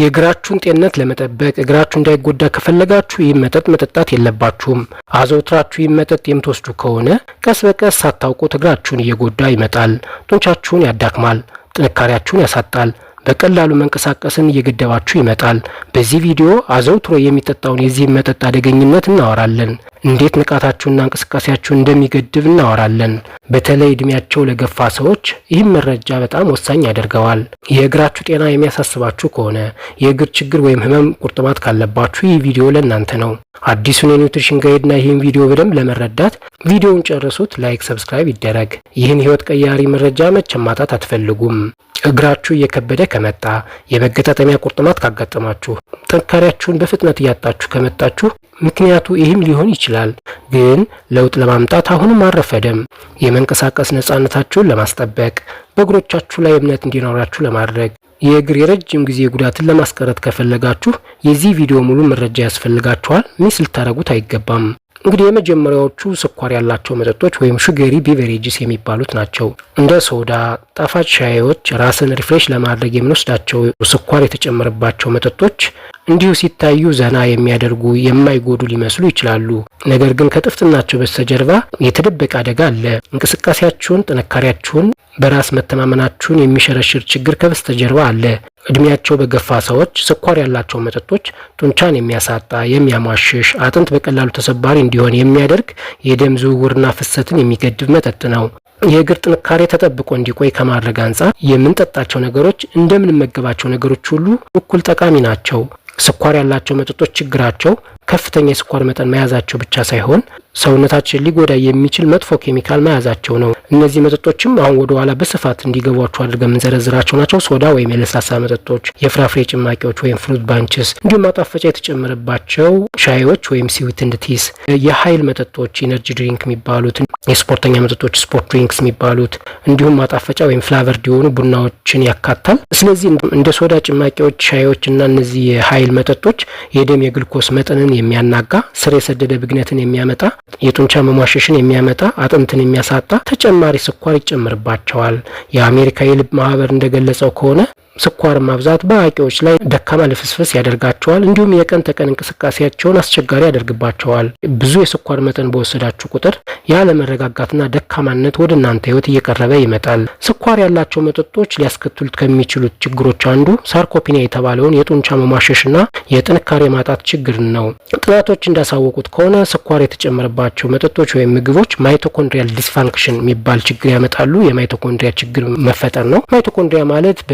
የእግራችሁን ጤንነት ለመጠበቅ እግራችሁ እንዳይጎዳ ከፈለጋችሁ ይህ መጠጥ መጠጣት የለባችሁም። አዘውትራችሁ ይህ መጠጥ የምትወስዱ ከሆነ ቀስ በቀስ ሳታውቁት እግራችሁን እየጎዳ ይመጣል። ጡንቻችሁን ያዳክማል፣ ጥንካሬያችሁን ያሳጣል፣ በቀላሉ መንቀሳቀስን እየገደባችሁ ይመጣል። በዚህ ቪዲዮ አዘውትሮ የሚጠጣውን የዚህ መጠጥ አደገኝነት እናወራለን። እንዴት ንቃታቸውና እንቅስቃሴያችሁ እንደሚገድብ እናወራለን። በተለይ እድሜያቸው ለገፋ ሰዎች ይህም መረጃ በጣም ወሳኝ ያደርገዋል። የእግራችሁ ጤና የሚያሳስባችሁ ከሆነ የእግር ችግር ወይም ህመም፣ ቁርጥማት ካለባችሁ ይህ ቪዲዮ ለእናንተ ነው። አዲሱን የኒውትሪሽን ጋይድና ይህን ቪዲዮ በደንብ ለመረዳት ቪዲዮውን ጨርሱት። ላይክ፣ ሰብስክራይብ ይደረግ። ይህን ህይወት ቀያሪ መረጃ መቼም ማጣት አትፈልጉም። እግራችሁ እየከበደ ከመጣ፣ የመገጣጠሚያ ቁርጥማት ካጋጠማችሁ፣ ጥንካሬያችሁን በፍጥነት እያጣችሁ ከመጣችሁ ምክንያቱ ይህም ሊሆን ይችላል። ግን ለውጥ ለማምጣት አሁንም አልረፈደም። የመንቀሳቀስ ነጻነታችሁን ለማስጠበቅ፣ በእግሮቻችሁ ላይ እምነት እንዲኖራችሁ ለማድረግ፣ የእግር የረጅም ጊዜ ጉዳትን ለማስቀረት ከፈለጋችሁ የዚህ ቪዲዮ ሙሉ መረጃ ያስፈልጋችኋል። ሚስ ልታደረጉት አይገባም። እንግዲህ የመጀመሪያዎቹ ስኳር ያላቸው መጠጦች ወይም ሹገሪ ቢቨሬጅስ የሚባሉት ናቸው። እንደ ሶዳ፣ ጣፋጭ ሻዮች፣ ራስን ሪፍሬሽ ለማድረግ የምንወስዳቸው ስኳር የተጨመረባቸው መጠጦች እንዲሁ ሲታዩ ዘና የሚያደርጉ የማይጎዱ ሊመስሉ ይችላሉ። ነገር ግን ከጥፍጥናቸው በስተጀርባ የተደበቀ አደጋ አለ። እንቅስቃሴያችሁን፣ ጥንካሬያችሁን፣ በራስ መተማመናችሁን የሚሸረሽር ችግር ከበስተጀርባ አለ። እድሜያቸው በገፋ ሰዎች ስኳር ያላቸው መጠጦች ጡንቻን የሚያሳጣ የሚያሟሽሽ፣ አጥንት በቀላሉ ተሰባሪ እንዲሆን የሚያደርግ የደም ዝውውርና ፍሰትን የሚገድብ መጠጥ ነው። የእግር ጥንካሬ ተጠብቆ እንዲቆይ ከማድረግ አንጻር የምንጠጣቸው ነገሮች እንደምንመገባቸው ነገሮች ሁሉ እኩል ጠቃሚ ናቸው። ስኳር ያላቸው መጠጦች ችግራቸው ከፍተኛ የስኳር መጠን መያዛቸው ብቻ ሳይሆን ሰውነታችን ሊጎዳ የሚችል መጥፎ ኬሚካል መያዛቸው ነው። እነዚህ መጠጦችም አሁን ወደ ኋላ በስፋት እንዲገቧቸው አድርገን የምንዘረዝራቸው ናቸው። ሶዳ ወይም የለስላሳ መጠጦች፣ የፍራፍሬ ጭማቂዎች ወይም ፍሩት ባንችስ፣ እንዲሁም ማጣፈጫ የተጨመረባቸው ሻዮች ወይም ሲዊት እንድትይዝ፣ የሀይል መጠጦች ኢነርጂ ድሪንክ የሚባሉት፣ የስፖርተኛ መጠጦች ስፖርት ድሪንክስ የሚባሉት፣ እንዲሁም ማጣፈጫ ወይም ፍላቨርድ የሆኑ ቡናዎችን ያካታል። ስለዚህ እንደ ሶዳ፣ ጭማቂዎች፣ ሻዮች እና እነዚህ የሀይል መጠጦች የደም የግልኮስ መጠንን የሚያናጋ ስር የሰደደ ብግነትን የሚያመጣ የጡንቻ መሟሸሽን የሚያመጣ አጥንትን የሚያሳጣ ተጨማሪ ስኳር ይጨምርባቸዋል። የአሜሪካ የልብ ማህበር እንደገለጸው ከሆነ ስኳር ማብዛት በአዋቂዎች ላይ ደካማ ልፍስፍስ ያደርጋቸዋል። እንዲሁም የቀን ተቀን እንቅስቃሴያቸውን አስቸጋሪ ያደርግባቸዋል። ብዙ የስኳር መጠን በወሰዳችሁ ቁጥር ያለመረጋጋትና ደካማነት ወደ እናንተ ህይወት እየቀረበ ይመጣል። ስኳር ያላቸው መጠጦች ሊያስከትሉት ከሚችሉት ችግሮች አንዱ ሳርኮፒኒያ የተባለውን የጡንቻ መሟሸሽና የጥንካሬ ማጣት ችግር ነው። ጥናቶች እንዳሳወቁት ከሆነ ስኳር የተጨመረባቸው መጠጦች ወይም ምግቦች ማይቶኮንድሪያል ዲስፋንክሽን የሚባል ችግር ያመጣሉ። የማይቶኮንድሪያ ችግር መፈጠር ነው። ማይቶኮንድሪያ ማለት በ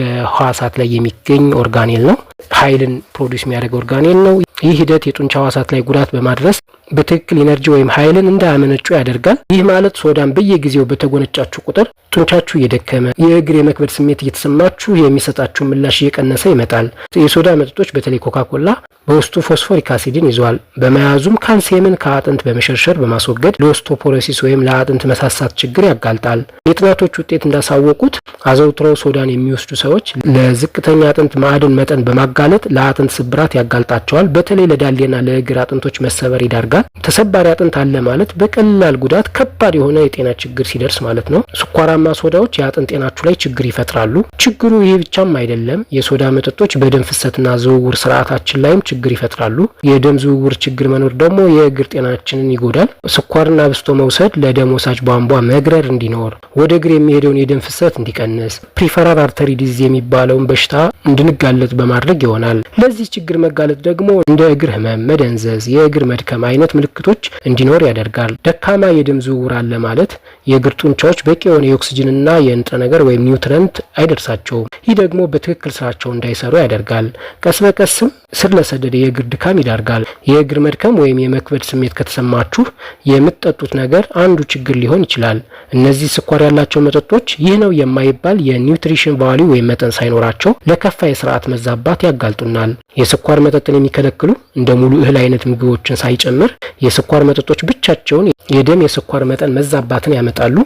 ህዋሳት ላይ የሚገኝ ኦርጋኔል ነው። ኃይልን ፕሮዲስ የሚያደርግ ኦርጋኔል ነው። ይህ ሂደት የጡንቻ ህዋሳት ላይ ጉዳት በማድረስ በትክክል ኢነርጂ ወይም ኃይልን እንዳያመነጩ ያደርጋል። ይህ ማለት ሶዳን በየጊዜው በተጎነጫችሁ ቁጥር ጡንቻችሁ እየደከመ የእግር የመክበድ ስሜት እየተሰማችሁ የሚሰጣችሁ ምላሽ እየቀነሰ ይመጣል። የሶዳ መጠጦች በተለይ ኮካኮላ በውስጡ ፎስፎሪክ አሲድን ይዟል። በመያዙም ካልሲየምን ከአጥንት በመሸርሸር በማስወገድ ለኦስቶፖሮሲስ ወይም ለአጥንት መሳሳት ችግር ያጋልጣል። የጥናቶች ውጤት እንዳሳወቁት አዘውትረው ሶዳን የሚወስዱ ሰዎች ለዝቅተኛ አጥንት ማዕድን መጠን በማጋለጥ ለአጥንት ስብራት ያጋልጣቸዋል። በተለይ ለዳሌና ለእግር አጥንቶች መሰበር ይዳርጋል። ተሰባሪ አጥንት አለ ማለት በቀላል ጉዳት ከባድ የሆነ የጤና ችግር ሲደርስ ማለት ነው። ስኳራማ ሶዳዎች የአጥንት ጤናችሁ ላይ ችግር ይፈጥራሉ። ችግሩ ይሄ ብቻም አይደለም። የሶዳ መጠጦች በደም ፍሰትና ዝውውር ስርዓታችን ላይም ችግር ይፈጥራሉ። የደም ዝውውር ችግር መኖር ደግሞ የእግር ጤናችንን ይጎዳል። ስኳርና ብስቶ መውሰድ ለደም ወሳጅ ቧንቧ መግረር እንዲኖር፣ ወደ እግር የሚሄደውን የደም ፍሰት እንዲቀንስ፣ ፕሪፈራል አርተሪ ዲዝ የሚባለውን በሽታ እንድንጋለጥ በማድረግ ይሆናል። ለዚህ ችግር መጋለጥ ደግሞ እንደ እግር ህመም፣ መደንዘዝ፣ የእግር መድከም አይነት ምልክቶች እንዲኖር ያደርጋል። ደካማ የደም ዝውውር አለ ማለት የእግር ጡንቻዎች በቂ የሆነ የኦክስጅንና የንጥረ ነገር ወይም ኒውትረንት አይደርሳቸውም። ይህ ደግሞ በትክክል ስራቸው እንዳይሰሩ ያደርጋል። ቀስ በቀስም ስር ለሰደደ የእግር ድካም ይዳርጋል። የእግር መድከም ወይም የመክበድ ስሜት ከተሰማችሁ የምትጠጡት ነገር አንዱ ችግር ሊሆን ይችላል። እነዚህ ስኳር ያላቸው መጠጦች ይህ ነው የማይባል የኒውትሪሽን ቫሊዩ ወይም መጠን ሳይኖራቸው ለከፋ የስርዓት መዛባት ያጋልጡናል። የስኳር መጠጥን የሚከለክሉ እንደ ሙሉ እህል አይነት ምግቦችን ሳይጨምር የስኳር መጠጦች ብቻቸውን የደም የስኳር መጠን መዛባትን ያመጣሉ።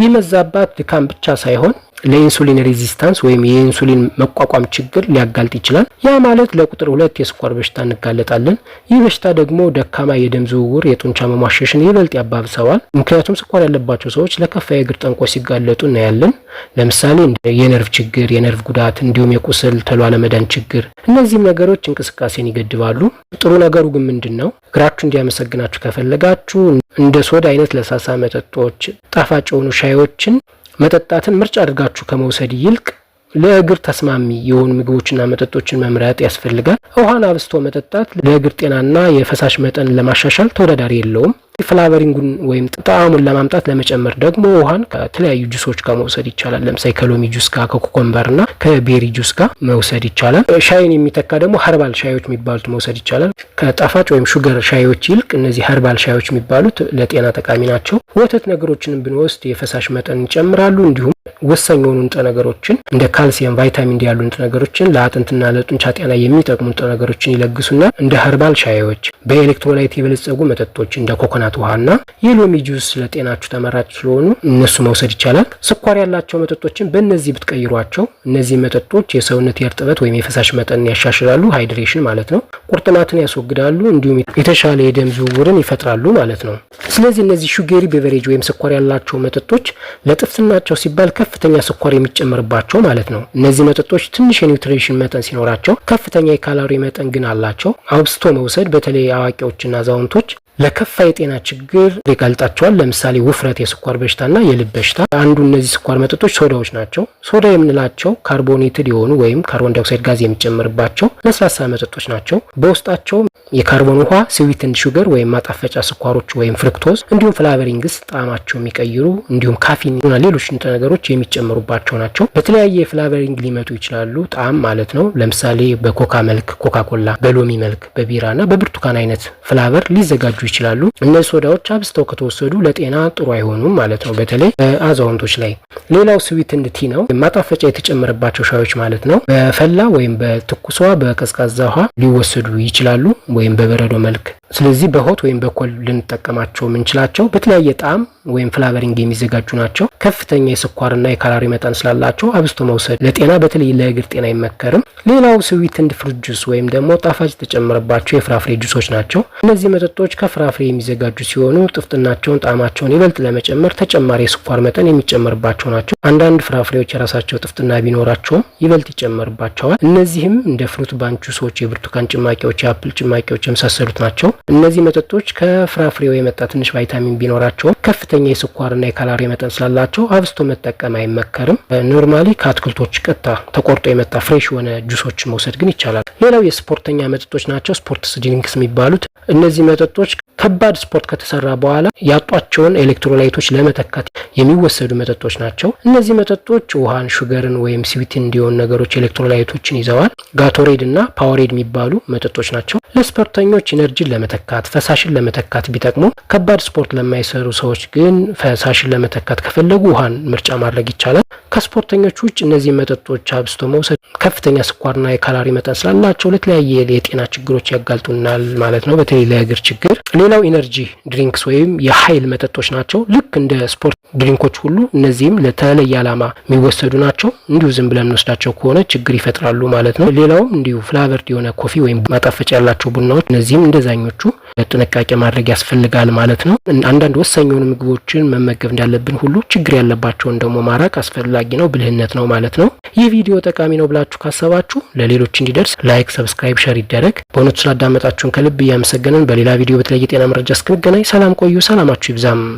ይህ መዛባት ድካም ብቻ ሳይሆን ለኢንሱሊን ሬዚስታንስ ወይም የኢንሱሊን መቋቋም ችግር ሊያጋልጥ ይችላል። ያ ማለት ለቁጥር ሁለት የስኳር በሽታ እንጋለጣለን። ይህ በሽታ ደግሞ ደካማ የደም ዝውውር፣ የጡንቻ መሟሸሽን ይበልጥ ያባብሰዋል። ምክንያቱም ስኳር ያለባቸው ሰዎች ለከፋ የእግር ጠንቆ ሲጋለጡ እናያለን። ለምሳሌ የነርቭ ችግር፣ የነርቭ ጉዳት እንዲሁም የቁስል ተሎ አለመዳን ችግር። እነዚህም ነገሮች እንቅስቃሴን ይገድባሉ። ጥሩ ነገሩ ግን ምንድን ነው? እግራችሁ እንዲያመሰግናችሁ ከፈለጋችሁ እንደ ሶድ አይነት ለሳሳ መጠጦች፣ ጣፋጭ የሆኑ ሻዮችን መጠጣትን ምርጫ አድርጋችሁ ከመውሰድ ይልቅ ለእግር ተስማሚ የሆኑ ምግቦችና መጠጦችን መምረጥ ያስፈልጋል። ውሃን አብስቶ መጠጣት ለእግር ጤናና የፈሳሽ መጠን ለማሻሻል ተወዳዳሪ የለውም። ፍላቨሪንጉን ወይም ጣዕሙን ለማምጣት ለመጨመር ደግሞ ውሃን ከተለያዩ ጁሶች ጋር መውሰድ ይቻላል። ለምሳሌ ከሎሚ ጁስ ጋር፣ ከኮኮምበር እና ከቤሪ ጁስ ጋር መውሰድ ይቻላል። ሻይን የሚተካ ደግሞ ሀርባል ሻዮች የሚባሉት መውሰድ ይቻላል። ከጣፋጭ ወይም ሹገር ሻዮች ይልቅ እነዚህ ሀርባል ሻዮች የሚባሉት ለጤና ጠቃሚ ናቸው። ወተት ነገሮችንም ብንወስድ የፈሳሽ መጠን ይጨምራሉ። እንዲሁም ወሳኝ የሆኑ ንጥረ ነገሮችን እንደ ካልሲየም፣ ቫይታሚን ዲ ያሉ ንጥረ ነገሮችን ለአጥንትና ለጡንቻ ጤና የሚጠቅሙ ንጥረ ነገሮችን ይለግሱና እንደ ሀርባል ሻዮች፣ በኤሌክትሮላይት የበለጸጉ መጠጦች እንደ ኮኮናት ውሃና የሎሚ ጁስ ለጤናችሁ ተመራጭ ስለሆኑ እነሱ መውሰድ ይቻላል። ስኳር ያላቸው መጠጦችን በእነዚህ ብትቀይሯቸው፣ እነዚህ መጠጦች የሰውነት የእርጥበት ወይም የፈሳሽ መጠን ያሻሽላሉ፣ ሃይድሬሽን ማለት ነው። ቁርጥማትን ያስወግዳሉ፣ እንዲሁም የተሻለ የደም ዝውውርን ይፈጥራሉ ማለት ነው። ስለዚህ እነዚህ ሹጌሪ ቤቨሬጅ ወይም ስኳር ያላቸው መጠጦች ለጥፍትናቸው ሲባል ከፍተኛ ስኳር የሚጨምርባቸው ማለት ነው። እነዚህ መጠጦች ትንሽ የኒውትሪሽን መጠን ሲኖራቸው ከፍተኛ የካሎሪ መጠን ግን አላቸው። አብስቶ መውሰድ በተለይ አዋቂዎችና አዛውንቶች ለከፋ የጤና ችግር ይጋልጣቸዋል። ለምሳሌ ውፍረት፣ የስኳር በሽታና የልብ በሽታ አንዱ እነዚህ ስኳር መጠጦች ሶዳዎች ናቸው። ሶዳ የምንላቸው ካርቦኔትድ የሆኑ ወይም ካርቦን ዳይኦክሳይድ ጋዝ የሚጨምርባቸው ለስላሳ መጠጦች ናቸው። በውስጣቸውም የካርቦን ውሃ ስዊትን ሹገር ወይም ማጣፈጫ ስኳሮች ወይም ፍርክ ላክቶዝ እንዲሁም ፍላቨሪንግስ ጣዕማቸው የሚቀይሩ እንዲሁም ካፊን እና ሌሎች ንጥረ ነገሮች የሚጨምሩባቸው ናቸው። በተለያየ ፍላቨሪንግ ሊመጡ ይችላሉ፣ ጣዕም ማለት ነው። ለምሳሌ በኮካ መልክ ኮካኮላ፣ በሎሚ መልክ በቢራ እና በብርቱካን አይነት ፍላቨር ሊዘጋጁ ይችላሉ። እነዚህ ሶዳዎች አብዝተው ከተወሰዱ ለጤና ጥሩ አይሆኑም ማለት ነው፣ በተለይ አዛውንቶች ላይ። ሌላው ስዊት እንድ ቲ ነው፣ ማጣፈጫ የተጨመረባቸው ሻዮች ማለት ነው። በፈላ ወይም በትኩስ ውሃ፣ በቀዝቃዛ ውሃ ሊወሰዱ ይችላሉ ወይም በበረዶ መልክ ስለዚህ በሆት ወይም በኮል ልንጠቀማቸው የምንችላቸው በተለያየ ጣዕም ወይም ፍላቨሪንግ የሚዘጋጁ ናቸው። ከፍተኛ የስኳርና የካላሪ መጠን ስላላቸው አብስቶ መውሰድ ለጤና በተለይ ለእግር ጤና አይመከርም። ሌላው ስዊትንድ ፍሩት ጁስ ወይም ደግሞ ጣፋጭ የተጨመረባቸው የፍራፍሬ ጁሶች ናቸው። እነዚህ መጠጦች ከፍራፍሬ የሚዘጋጁ ሲሆኑ ጥፍጥናቸውን፣ ጣዕማቸውን ይበልጥ ለመጨመር ተጨማሪ የስኳር መጠን የሚጨመርባቸው ናቸው። አንዳንድ ፍራፍሬዎች የራሳቸው ጥፍጥና ቢኖራቸውም ይበልጥ ይጨመርባቸዋል። እነዚህም እንደ ፍሩት ባንክ ጁሶች፣ የብርቱካን ጭማቂዎች፣ የአፕል ጭማቂዎች የመሳሰሉት ናቸው። እነዚህ መጠጦች ከፍራፍሬው የመጣ ትንሽ ቫይታሚን ቢኖራቸውም ከፍተኛ ከፍተኛ የስኳርና የካላሪ መጠን ስላላቸው አብስቶ መጠቀም አይመከርም። ኖርማሊ ከአትክልቶች ቀጥታ ተቆርጦ የመጣ ፍሬሽ የሆነ ጁሶች መውሰድ ግን ይቻላል። ሌላው የስፖርተኛ መጠጦች ናቸው፣ ስፖርትስ ድሪንክስ የሚባሉት እነዚህ መጠጦች ከባድ ስፖርት ከተሰራ በኋላ ያጧቸውን ኤሌክትሮላይቶች ለመተካት የሚወሰዱ መጠጦች ናቸው። እነዚህ መጠጦች ውሃን፣ ሹገርን ወይም ስዊትን እንዲሆን ነገሮች ኤሌክትሮላይቶችን ይዘዋል። ጋቶሬድ እና ፓወሬድ የሚባሉ መጠጦች ናቸው። ለስፖርተኞች ኢነርጂን ለመተካት ፈሳሽን ለመተካት ቢጠቅሙም ከባድ ስፖርት ለማይሰሩ ሰዎች ግን ግን ፈሳሽን ለመተካት ከፈለጉ ውሃን ምርጫ ማድረግ ይቻላል። ከስፖርተኞች ውጭ እነዚህ መጠጦች አብስቶ መውሰድ ከፍተኛ ስኳርና የካላሪ መጠን ስላላቸው ለተለያየ የጤና ችግሮች ያጋልጡናል ማለት ነው፣ በተለይ ለእግር ችግር። ሌላው ኢነርጂ ድሪንክስ ወይም የኃይል መጠጦች ናቸው። ልክ እንደ ስፖርት ድሪንኮች ሁሉ እነዚህም ለተለየ ዓላማ የሚወሰዱ ናቸው። እንዲሁ ዝም ብለን እንወስዳቸው ከሆነ ችግር ይፈጥራሉ ማለት ነው። ሌላውም እንዲሁ ፍላቨርድ የሆነ ኮፊ ወይም ማጣፈጫ ያላቸው ቡናዎች፣ እነዚህም እንደዛኞቹ ጥንቃቄ ማድረግ ያስፈልጋል ማለት ነው። አንዳንድ ወሳኝ የሆኑ ምግ ምግቦችን መመገብ እንዳለብን ሁሉ ችግር ያለባቸውን ደግሞ ማራቅ አስፈላጊ ነው፣ ብልህነት ነው ማለት ነው። ይህ ቪዲዮ ጠቃሚ ነው ብላችሁ ካሰባችሁ ለሌሎች እንዲደርስ ላይክ፣ ሰብስክራይብ፣ ሸር ይደረግ። በእውነቱ ስላዳመጣችሁን ከልብ እያመሰገንን በሌላ ቪዲዮ በተለየ ጤና መረጃ እስክንገናኝ ሰላም ቆዩ። ሰላማችሁ ይብዛም።